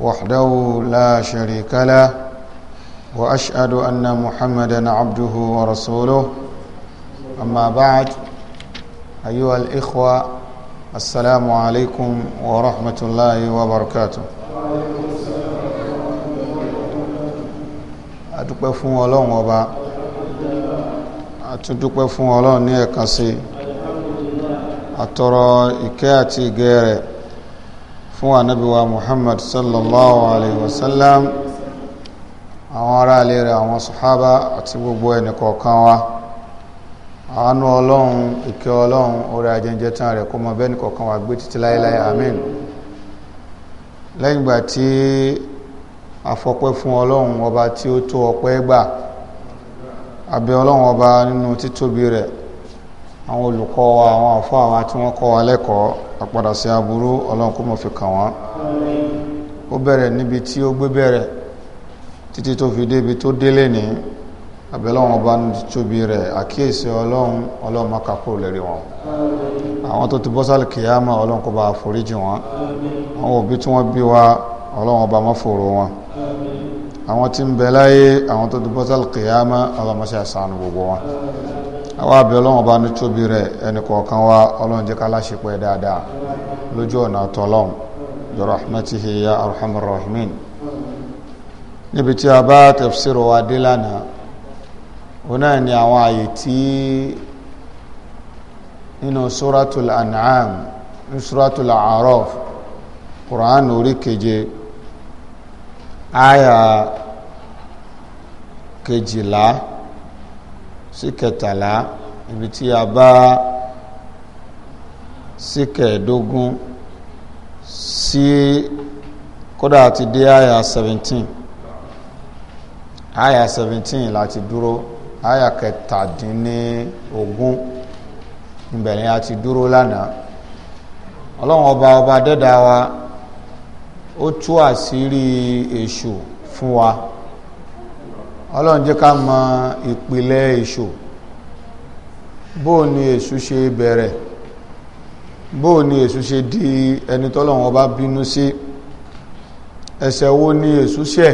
وحده لا شريك له وأشهد أن محمدا عبده ورسوله أما بعد أيها الإخوة السلام عليكم ورحمة الله وبركاته adúpẹ́ fún ọlọ́run ọba àtúndúpẹ́ fún ọlọ́run ní ẹ̀kan sí àtọrọ ìkẹ́ àti ìgẹ́ rẹ̀ fún ànábíwá muhammad sallallahu alayhi wa sallam àwọn ará ilé rẹ̀ àwọn ati àti gbogbo ẹnì kọ̀ọ̀kan wa àánú ọlọ́run ìkẹ́ ọlọ́run orí ajẹ́jẹ́ tán rẹ̀ kó mọ bẹ́ẹ̀ni kọ̀ọ̀kan wa gbé títí láéláé lẹ́yìn ìgbà tí afọpẹ́ fún ọlọ́run ọba tí ó tó ọpẹ́ gbà ọlọ́run ọba nínú títóbi rẹ̀ àwọn olùkọ́ wa àwọn àfọ́ àpadà sí aburú ọlọ́run kó mọ̀ fi kàn wọ́n ó bẹ̀rẹ̀ níbi tí ó gbé bẹ̀rẹ̀ títí tó fi débi tó délé ní àbẹ̀lọ́wọ́n ọba tóbi rẹ̀ àkíyèsí ọlọ́run ọlọ́run má kakó lẹ́rí wọn àwọn tó ti bọ́ sálì kìyàmà ọlọ́run kó bá foríjì wọn àwọn òbí tí wọ́n bí wa ọlọ́run ọba má fòrò wọn àwọn tí ń bẹ láyé àwọn tó ti bọ́ sálì kìyàmà ọlọ́run má ṣe àṣàánú gbogbo wọn àwa àbẹ̀ ọlọ́run ọba ní tóbi rẹ̀ ẹnì kọ̀ọ̀kan wa ọlọ́run jẹ́ ká láṣepẹ́ dáadáa lójú ọ̀nà tọ́lọ́run bi rahmatihi ya arhamar rahimin níbi tí a bá tafsir wa dé lánàá òun náà ni àwọn àyè tí nínú suratul an'am ní suratul a'raf quran orí keje aya kejìlá sí kẹtàlá ibi tí a bá sí kẹẹ̀ẹ́dógún sí kódà àti dé àyà 17 àyà 17 láti dúró àyà kẹtàdínlógún ìbẹ̀rẹ̀ àti dúró lánàá ọlọ́run ọba ọba dẹ́dá ó tú àṣírí èṣù fún wa ọlọ́run jẹ́ ká mọ ìpìlẹ̀ èṣù bóò ni èṣù ṣe bẹ̀rẹ̀ bóò ni èṣù ṣe di ẹni tọ́lọ́run ọba bínú sí ẹ̀ṣẹ̀ wo ni èṣù ṣẹ̀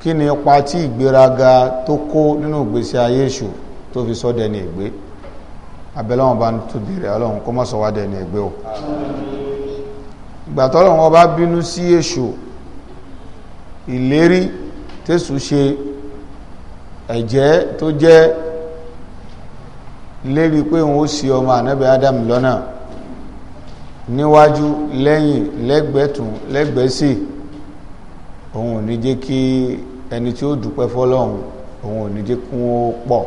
kí ni ipa tí ìgbéraga tó kó nínú ìgbésí ayé èṣù tó fi sọ dẹni ègbé abẹ́lọ́wọ́n bá ń tóbi rẹ̀ ọlọ́run kó má sọ wá dẹni ègbé o ìgbà tọ́lọ́run ọba bínú sí èṣù ìlérí tésù ṣe ẹ̀jẹ́ tó jẹ́ lérí pé òun ó sì ọmọ ànábì Adam lọ́nà níwájú lẹ́yìn lẹ́gbẹ̀tún lẹ́gbẹ̀ẹ́sì òun ò ní jẹ́ kí ẹni tí ó dúpẹ́ fọ́lọ́hun òun ò ní jẹ́ kí wọ́n pọ̀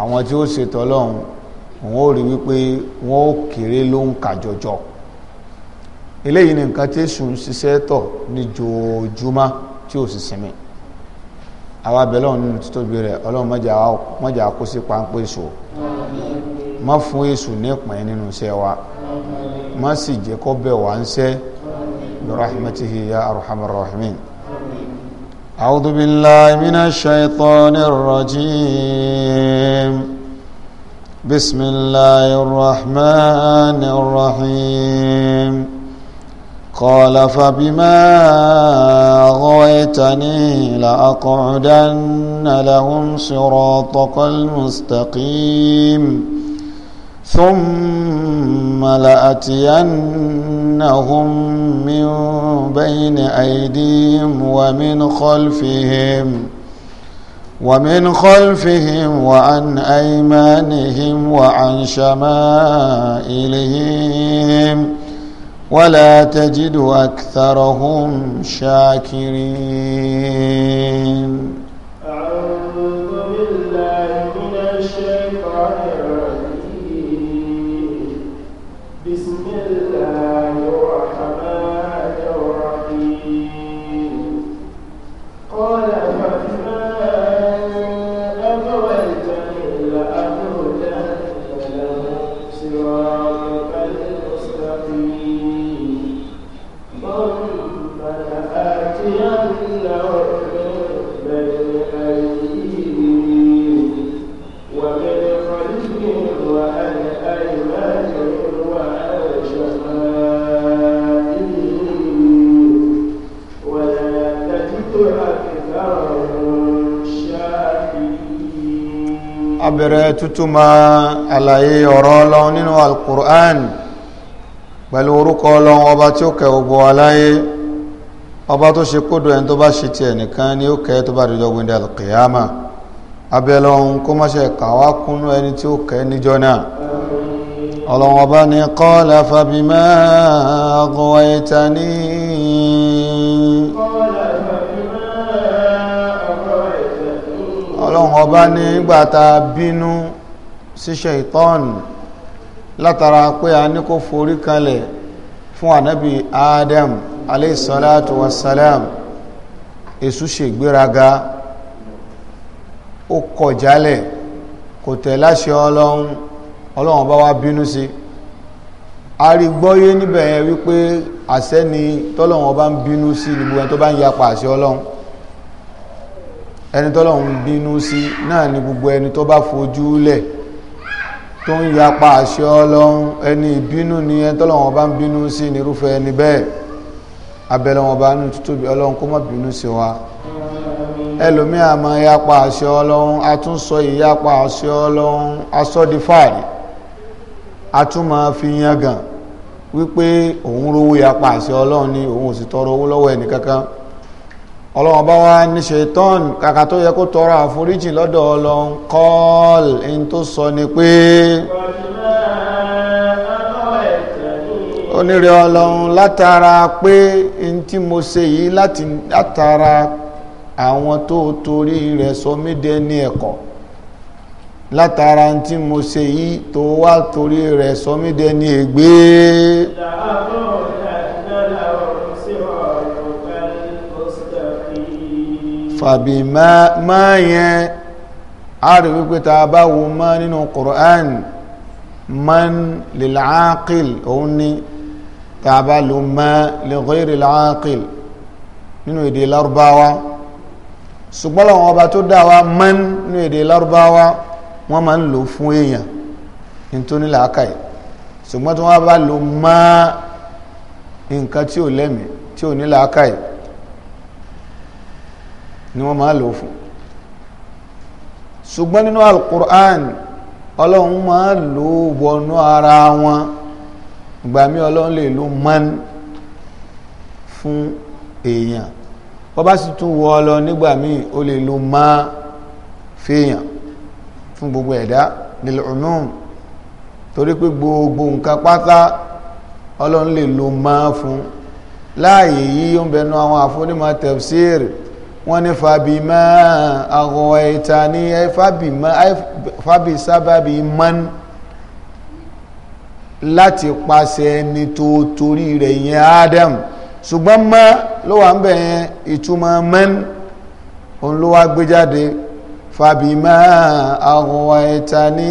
àwọn tí ó ṣètò ọlọ́run òun ó rí wípé wọ́n ó kéré ló ń kà jọjọ eléyìí ni nǹkan tí ń ṣiṣẹ́ tọ̀ ní tí ò sì sinmi àwa bẹ̀rẹ̀ lọ́wọ́ nínú títóbi rẹ̀ ọlọ́run mọ́jà kó sí páńpẹ́ èso má fún èso nípìn nínú iṣẹ́ wa má sì jẹ́ kó bẹ̀ wá ń sẹ́ rahmatihi ya arhamar rahimin أعوذ بالله من الشيطان الرجيم بسم الله الرحمن قال فبما غويتني لأقعدن لهم صراطك المستقيم ثم لأتينهم من بين أيديهم ومن خلفهم ومن خلفهم وعن أيمانهم وعن شمائلهم ولا تجد أكثرهم شاكرين abẹ̀rẹ̀ tútùmọ̀ àlàyé ọ̀rọ̀ ọlọ́run nínú alkùrán pẹ̀lú orúkọ ọlọ́run ọba tí ó kẹ gbogbo aláyé ọba tó ṣe kódò ẹni tó bá ṣe ti ẹnìkan ni ó kẹ tó bá dìjọ gbìndẹ̀ alkìyàmà abẹ́lọ́run kó má ṣe kàwá kúnú ẹni tí ó kẹ níjọ náà ọlọ́run ọba ni qala fabima aghwaytani ọlọ́run ọba ní gbàtà bínú sí Ṣaitan látara pé a ní kó forí kalẹ̀ fún ànábì Adam aleyhisalatu wasalam èṣù ṣègbéraga ó kọ̀ jálẹ̀ kò tẹ̀láṣẹ ọlọ́run ọlọ́run bá wá bínú sí arigbọ́yé níbẹ̀ yẹn wípé àṣẹ ni tọ́lọ́run ọba ń bínú sí gbogbo ẹni tó bá ń yapa àṣẹ ọlọ́run ẹni tọ́lọ́run bínú sí náà ni gbogbo ẹni tó bá fojú lẹ̀ tó ń yapa àṣẹ ọlọ́run ẹni ìbínú ni ẹni tọ́lọ́run bá ń bínú sí nírúfẹ́ ẹni bẹ́ẹ̀ abẹ́lẹ́wọ̀n bá nù títóbi ọlọ́run kó má bínú sí wa ẹlòmíì a máa yapa àṣẹ ọlọ́run a tún sọ ìyapa àṣẹ ọlọ́run asọ́di fàárì a tún máa fi yangàn wípé òun rówó yapa àṣẹ ọlọ́run ni òun ò sì tọrọ owó lọ́wọ́ ẹnìkankan ọlọ́wọ́n bá wá ní ṣetán kàkà tó yẹ kó tọrọ àforíjì lọ́dọ̀ ọlọ́run kọ́ọ̀l in tó sọ ni pé onírẹ̀ ọlọ́run látara pé in tí mo ṣe yìí láti látara àwọn tó torí rẹ̀ sọ mí dẹni ẹ̀kọ́ látara tí mo ṣe yìí tó wá torí rẹ̀ sọ mí dẹni ègbé fàbí máa yẹn a rí wípé ta bá wo má nínú Qur'an man lil'aqil òun ni ta bá lo má li ghayri l'aqil nínú èdè lárúbáwá ṣùgbọ́n làwọn ọba tó dá wa man nínú èdè lárúbáwá wọ́n máa ń lò fún èèyàn nítorí làákàyè ṣùgbọ́n tí wọ́n bá lo má nǹkan tí ò lẹ́mìí tí ò ní làákàyè ni wọ́n máa lò fún ṣùgbọ́n nínú alukur'an ọlọ́run máa lò wọnú ara wọn ìgbà mí ọlọ́run lè lò man fún èèyàn wọ́n bá sì tún wọ ọ lọ nígbà míì ó lè lò má fèèyàn fún gbogbo ẹ̀dá lílẹ̀ torí pé gbogbo nǹkan pátá ọlọ́run lè lò má fún láàyè yí ó ń àwọn àfúnímọ̀ tafsir wọ́n ní fàbímá àgọ̀wà ìta ní fàbí sábàbí man láti pàṣẹ ẹni tó torí rẹ̀ yẹn Adam ṣùgbọ́n mọ́ ló wà ń bẹ̀ yẹn ìtumọ̀ man òun ló wá gbé jáde fàbímá àgọ̀wà ìta ní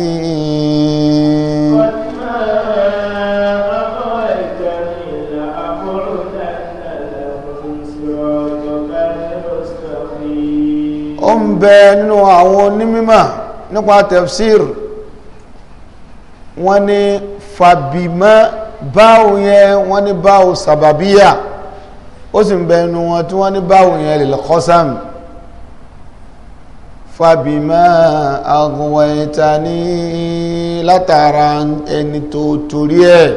bẹ nínú àwọn onímímọ̀ nípa tafsir wọ́n ní fàbímọ́ báwo yẹn wọ́n ní báwo sàbàbíyà ó sì ń bẹ nínú wọn tí wọ́n ní báwo yẹn lil qasam fàbímọ́ aghwaytani látara ẹni tó torí ẹ̀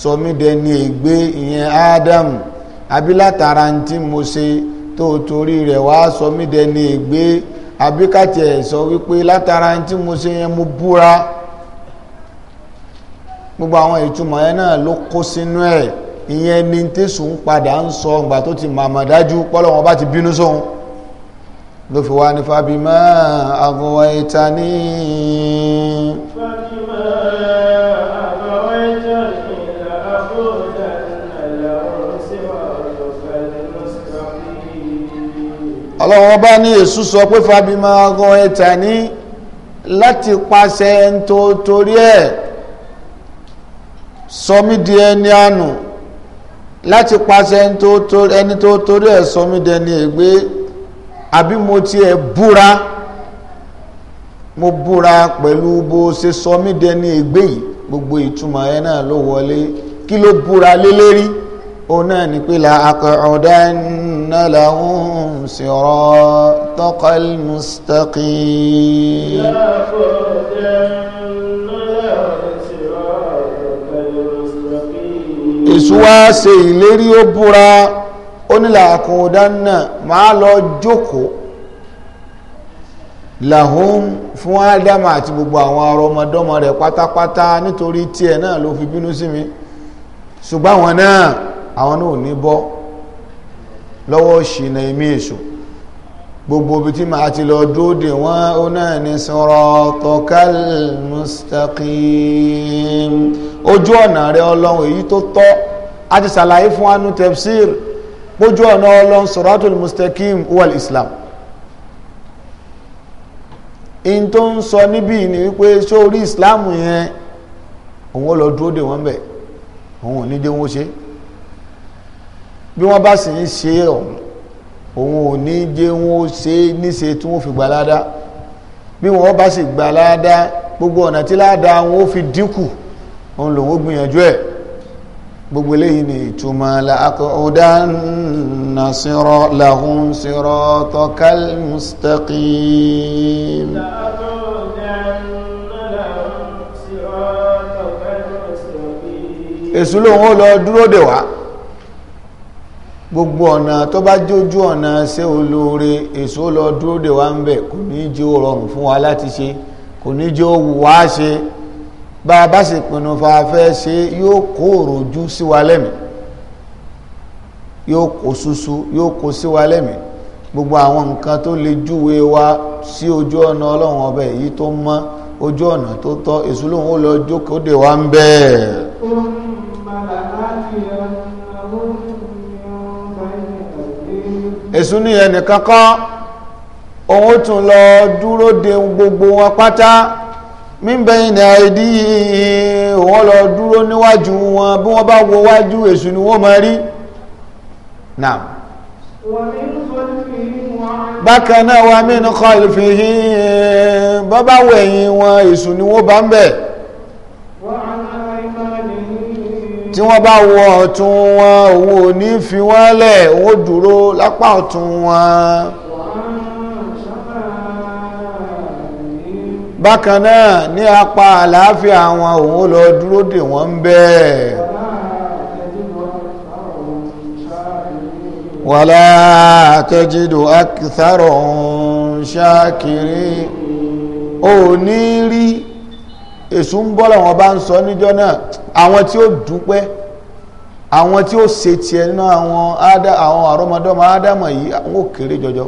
sọmídẹ́ni ègbé ìyẹn Ádámù àbí látara tí mo ṣe tó torí rẹ̀ wá sọ mí dẹni ègbé àbíkàtì ẹ̀ sọ wípé látara tí mo ṣe yẹn mo búra gbogbo àwọn ìtumọ̀ yẹn náà ló kó sínú ẹ̀ ìyẹn ni tẹ̀sùn ń padà ń sọ ìgbà tó ti màmọ̀ dájú pọ́lọ́wọ́n bá ti bínú sóhun ló fi wá ní fàbímọ́ àgọ́wọ̀ ìta ní. fàbímọ́ ọlọ́run ọba ní èṣù sọ pé fabima gan ẹ̀tà ní láti pàṣẹ ẹni tó torí ẹ̀ sọmí di ẹni àánú láti pàṣẹ ẹni tó torí ẹ̀ sọmí ẹni ègbé àbí mo tiẹ̀ búra mo búra pẹ̀lú bó ṣe sọmí di ẹni ègbé yìí gbogbo ìtumọ̀ ẹ náà ló wọlé kí ló búra lé lérí òun náà ni pé la akọ̀ọ̀dá ẹni. وأن لهم صراطك المستقيم èṣù wá ṣe ìlérí ó búra ó ní làákùn ọ̀dánà máa lọ jókòó làhún fún ádámà àti gbogbo àwọn arọmọdọ́mọ rẹ̀ pátápátá nítorí tí ẹ̀ náà ló fi bínú sí mi ṣùgbọ́n àwọn náà àwọn náà ní bọ́ lọ́wọ́ ṣìnà imé èṣò gbogbo ibi tí màá ti lọ dóde wọ́n ó náà ní siratal mustaqim ojú ọ̀nà rẹ ọlọ́run èyí tó tọ́ a ti ṣàlàyé fún anu tefsir pójú ọ̀nà ọlọ́run siratul mustaqim wal islam in tó ń sọ níbí ni wípé ṣó orí islam yẹn òun ó lọ dúró dè wọ́n bẹ̀ òun ò ní dé wọ́n ṣe é bí wọ́n bá sì ń ṣe ọ̀hún òun ò ní jẹ́ wọn ó ṣe níṣe tí wọ́n fi gbà ládá bí wọ́n bá sì gbà ládá gbogbo ọ̀nà tí ládá wọn fi dínkù òun lòun gbìyànjú ẹ̀ gbogbo eléyìí ni ìtumọ̀ làkọ̀ọ́dánà sírọ̀ làhùn sírọ̀ tọ́kàl mustaqim. èṣù lòun ó lọ dúró dè wá gbogbo ọ̀nà tó bá jójú ọ̀nà ṣe olóore èso lọ dúró dè wá ń bẹ̀ kò ní jẹ́ ó rọrùn fún wa láti ṣe kò ní jẹ́ ó wù wá ṣe bá a bá sì pinnu fa fẹ́ ṣe yóò kó òròjú sí wa lẹ́mìí yóò kó ṣuṣu yóò kó sí wa lẹ́mìí gbogbo àwọn nǹkan tó lè júwe wa sí ojú ọ̀nà ọlọ́run ọbẹ̀ èyí tó mọ́ ojú ọ̀nà tó tọ́ èso lòun ó lọ jókòó dè wá ń bẹ́ẹ̀. èsù ní ẹnìkan kọ́ òun tún lọ dúró de gbogbo wọn pátá mímbẹ̀yìn ní àìdí òun lọ dúró níwájú wọn bí wọ́n bá wo wájú èsù ni wọ́n máa rí bákan náà wà mí nìkan ìfihìn bọ́bá wẹ̀yìn wọn èsù ni wọ́n bá ń bẹ̀ tí wọ́n bá wọ ọ̀tún wọn òun ò ní fi wọ́n lẹ̀ òun dúró lápá ọ̀tún wọn bákan náà ní apá àlàáfíà wọn òun lọ dúró dè wọ́n ń bẹ́ẹ̀ wàlá àtẹ́jìdò akìsàrọ̀ ṣáàkiri ò ní rí èṣù ń bọ́ làwọn bá ń sọ níjọ́ náà àwọn tí ó dúpẹ́ àwọn tí ó ṣe tiẹ̀ nínú àwọn àwọn àrọ́mọdọ́mọ ádámọ̀ yìí àwọn ò kéré jọjọ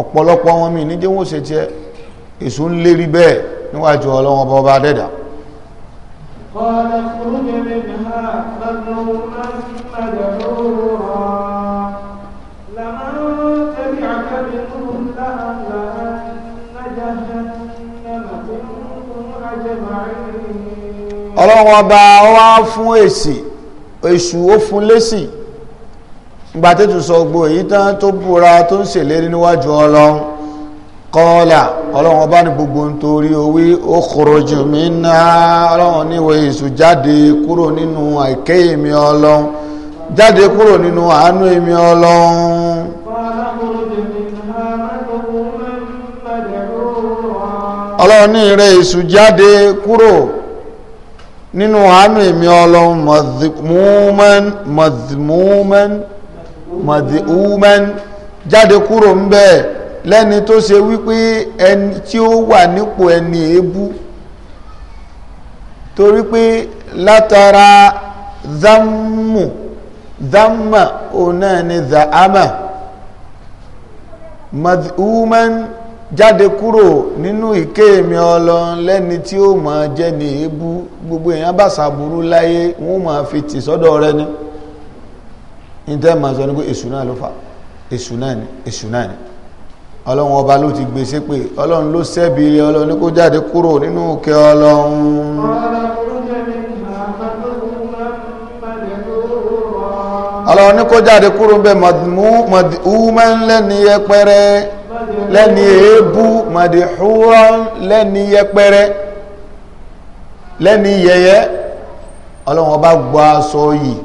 ọ̀pọ̀lọpọ̀ wọn mi níjẹ́ wọn ò ṣe tiẹ̀ èṣù ń lérí bẹ́ẹ̀ níwájú ọlọ́wọ́n bá ọba dẹ́dà. قال اخرج منها فذوقا مدعورا ọlọ́run ọba wá fún èsì èṣù ó fún lésì ìgbà tó tún sọ gbogbo èyí tán tó búra tó ń ṣèlérí níwájú ọlọ́run kọ́ọ̀là ọlọ́run ọba ní gbogbo nítorí owí ó kòrò jù mí ná ọlọ́run níwọ̀ èṣù jáde kúrò nínú àìkẹ́ èmi ọlọ́run jáde kúrò nínú àánú èmi ọlọ́run ọlọ́run ní ìrẹ́ èṣù jáde kúrò nínú àánú èmi ọlọ́run madhmuman madhmuman madhmuman jáde kúrò ń bẹ́ẹ̀ lẹ́ni tó ṣe wípé ẹni tí ó wà nípò ẹni èébú torí pé látara zammu zamma òun náà ni zaama madhmuman jáde kúrò nínú ìké mi ọlọ́run lẹ́ni tí ó mọ̀ jẹ́ ní ebú gbogbo èèyàn bá sàbúrú láyé wọ́n mọ̀ fi tì sọ́dọ̀ rẹ ni níta ma sọ ní pé èṣù náà ló fà èṣù náà ni èṣù náà ni ọlọ́run ọba ló ti gbèsè pé ọlọ́run ló sẹ́bi ilé ní kó jáde kúrò nínú ìké ọlọ́run ọlọ́run ní kó jáde kúrò bẹ́ẹ̀ mọ̀dúnmọ́ lẹ́ni ebu madihuran lẹ́ni yẹpẹrẹ lẹ́ni yẹyẹ ọlọ́run ọba gba aṣọ yìí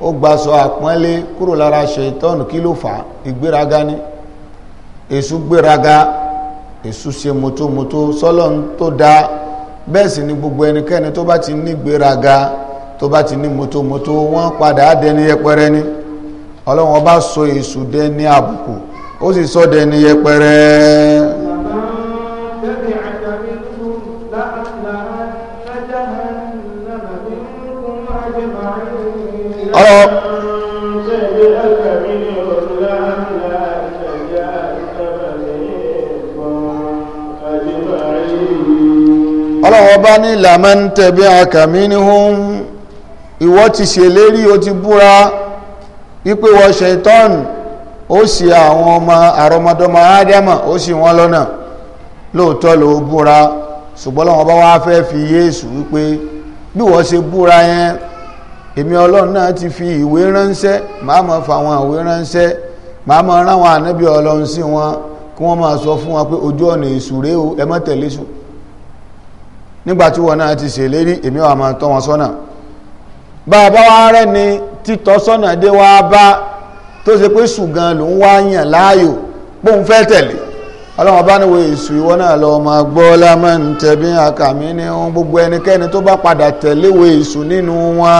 ó gba aṣọ àpọ́nlé kúrò lára ṣètọ́nù kí ló fà ìgbéraga ni èṣù gbéraga èṣù ṣe mọ́tòmọ́tò sọ́lọ́n tó da bẹ́ẹ̀ sì ni gbogbo ẹnikẹ́ni tó bá ti ní gbéraga tó bá ti ní mọ́tòmọ́tò wọ́n padà á dẹni yẹpẹrẹ ni ọlọ́run sọ dẹni àbùkù ó sì sọ dẹni yẹpẹrẹ ọ̀rọ̀ ọlọ́wọ́ bá ní làmán tẹ̀bí àkàmí ní hún ìwọ ti ṣèlérí o ti búra wípé wọ́n ṣe tọ́nù ó sì àwọn ọmọ àrọmọdọ́mọ ádámà ó sì wọ́n lọ́nà lóòótọ́ ló búra ṣùgbọ́n lọ́wọ́ bá wá fẹ́ fi yéésù wípé bí wọ́n ṣe búra yẹn èmi ọlọ́run náà ti fi ìwé ránṣẹ́ màá mọ̀ fàwọn ìwé ránṣẹ́ màá mọ̀ ráwọn ànábì ọlọ́run sí wọn kí wọ́n máa sọ fún wọn pé ojú ọ̀nà èṣù rèé o ẹ má tẹ̀lé Èṣù nígbàtí wọn náà ti ṣèlérí èmi wà máa tọ́ wọn sọ́nà bá a bá wá rẹ́ ni títọ́ sọ́nà dé wá bá tó ṣe pé ṣùgàn ló ń wáyàn láàyò bóun fẹ́ tẹ̀lé ọlọ́run bá níwò èṣù ìwọ náà lọ ọmọ gbọ́ lámọ́n tẹ̀bí àkàmí ní ohun gbogbo ẹnikẹ́ni tó bá padà tẹ̀léwò èṣù nínú wọn.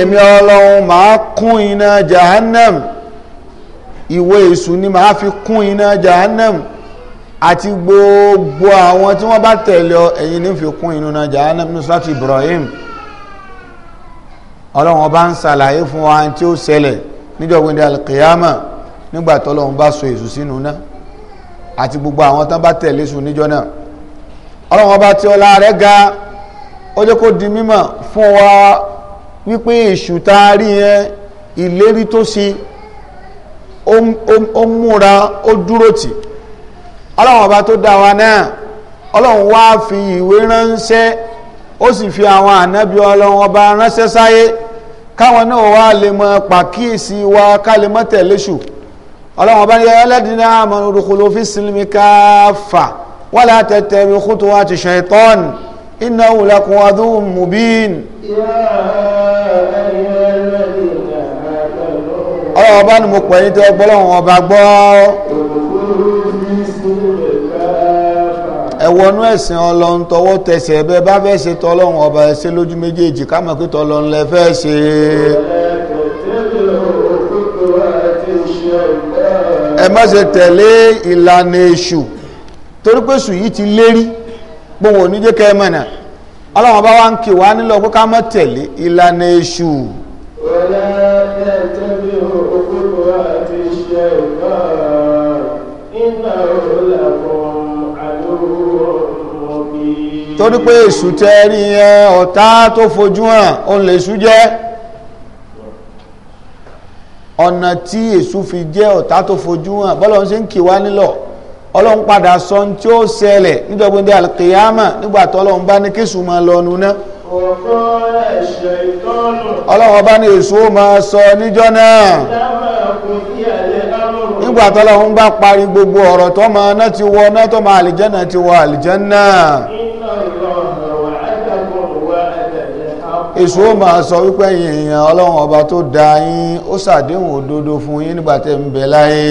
èmi ọlọ́run máa kún iná jahannam ìwọ èṣù ni máa fi kún iná jahannam àti gbogbo àwọn tí wọ́n bá tẹ̀lé ọ ní fi kún iná jahannam nusrat Ibrahim ọlọ́run ọba ń ṣàlàyé fún wa tí ó ṣẹlẹ̀ níjọ̀gbìn ní alkiyama nígbà tọ́lọ́run bá so èso sínú náà àti gbogbo àwọn tán bá tẹ̀lé sùn níjọ́ náà ọlọ́run ọba tí ọlá rẹ̀ ga ó jẹ́ kó di mímọ̀ fún wa wípé èṣù tá a rí yẹn ìlérí tó ṣe ó múra ó dúró tì ọlọ́run ọba tó dá wa náà ọlọ́run wá fi ìwé ránṣẹ́ ó sì fi àwọn ànábì ọlọ́run ọba ránṣẹ́ sáyé káwọn náà wá lè mọ pàkíyèsí wa ká lè mọ tẹ̀lé ṣù ọlọ́run ọba yẹ ẹlẹ́dìní àmọ́ olùkòlò fi sinmi káfà wọ́n lè tẹ̀tẹ̀ bí kútu wa ti ṣaitan innahu lakum adúm mubin. ọlọ́run ọba ni mo pẹ̀lú tẹ́ ọgbọ́lọ́run ọba gbọ́. ẹwọnú ẹ̀sìn ọlọ́run tọwọ́ tẹsẹ̀ ẹbẹ bá fẹ́ ṣe tọlọ́run ọba ẹsẹ lójú méjèèjì ká mọ̀ pé tọlọ́run lẹ fẹ́ ṣe. ẹ má ṣe tẹ̀lé ìlànà èṣù torí pé èṣù yìí ti lérí gbòòwò oníjẹ́ kẹ́mẹ́nà ọlọ́run ọba wa ń kì wá nílò pé ká má tẹ̀lé ìlànà èṣù. wọlé ẹ tẹ́lẹ̀ òkúkú àti ìṣẹ́ ìgbà iná òun. torí pé èṣù tẹ́ rí yẹn ọ̀tá tó fojú hàn òun lè ṣú jẹ́ ọ̀nà tí èṣù fi jẹ́ ọ̀tá tó fojú hàn bọ́lọ̀ ń ṣe ń kì wá nílọ̀ ọlọ́run padà sọ ní tí ó ṣẹlẹ̀ nígbàgbọ́n dé alkiyama nígbà tó ọlọ́run bá ní kéṣù máa lọ nu ná ọlọ́run bá ní èṣù ó máa sọ níjọ́ náà nígbà tó ọlọ́run bá parí gbogbo ọ̀rọ̀ tó máa ná ti wọ ná tó máa àlìjẹ́nà ti wọ àlìjẹ́nà náà. èso ó máa sọ wípé ẹ̀yin èèyàn ọlọ́run ọba tó dá yín ó ṣàdéhùn òdodo fún yín nígbà tẹ́ ń bẹ láyé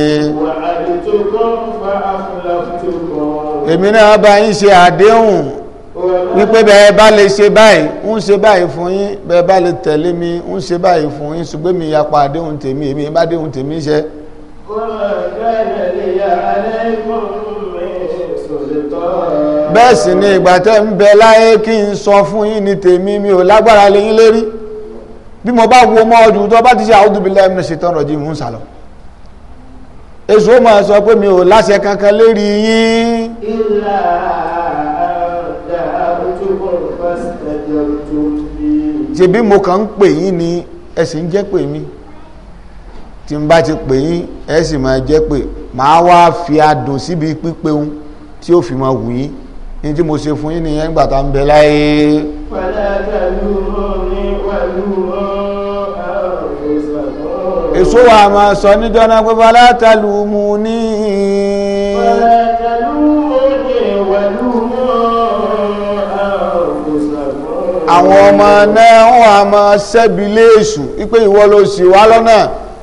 èmi náà bá yín ṣe àdéhùn wípé bẹ́ẹ̀ bá lè ṣe báyìí ń ṣe báyìí fún yín bẹ́ẹ̀ bá lè tẹ̀lé mi ń ṣe báyìí fún yín ṣùgbọ́n mi yapa àdéhùn tèmi èmi bá déhùn tèmi ṣe. kọ́lá ìgbà ìrẹ̀lẹ̀ yà á lẹ́yìn mọ́. bẹ́ẹ̀ sì ni ìgbà tẹ́ ń bẹ láyé n sọ fún mi ò lágbára lé yín lérí bí mo bá wo mọ́ ọdún tó bá ti ṣe a'udhu billahi minash shaitanir rajim sàlọ̀ èso ó mi ò láṣẹ kankan lérí yín illa ṣebí mo kàn ń pè yín ni ẹ jẹ́ pè mí n bá ti pè yín ẹ sì máa jẹ́ pè máa fi adùn síbi pípéhun tí ó fi máa wù ní tí mo ṣe fún yín nìyẹn nígbà tá ń bẹ láyé. èso wa máa sọ ní dọ́nà pé bala talumu ní. àwọn ọmọ náà wọn a máa ṣẹ́bi léèṣù wípé ìwọ ló ṣì wá lọ́nà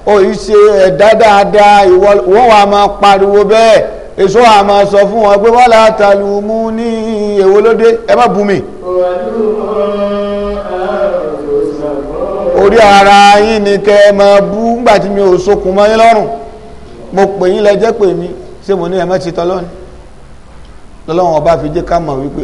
ó ṣe ẹ̀dá dáadáa ìwọ wọn a máa pariwo bẹ́ẹ̀ èso àmà sọ fún wọn pé wọ́n látàlù mú ní èwo lóde ẹ má mi orí ara yín ni kẹ ẹ máa bú nígbà mi ò sokùn mọ́ yín lọ́rùn mo pè yín lẹ́jẹ́ pè mí ṣé mo ní ẹ ti tọ́lọ́ni lọ́lọ́wọ́n ọba fi jẹ́ ká mọ̀ wípé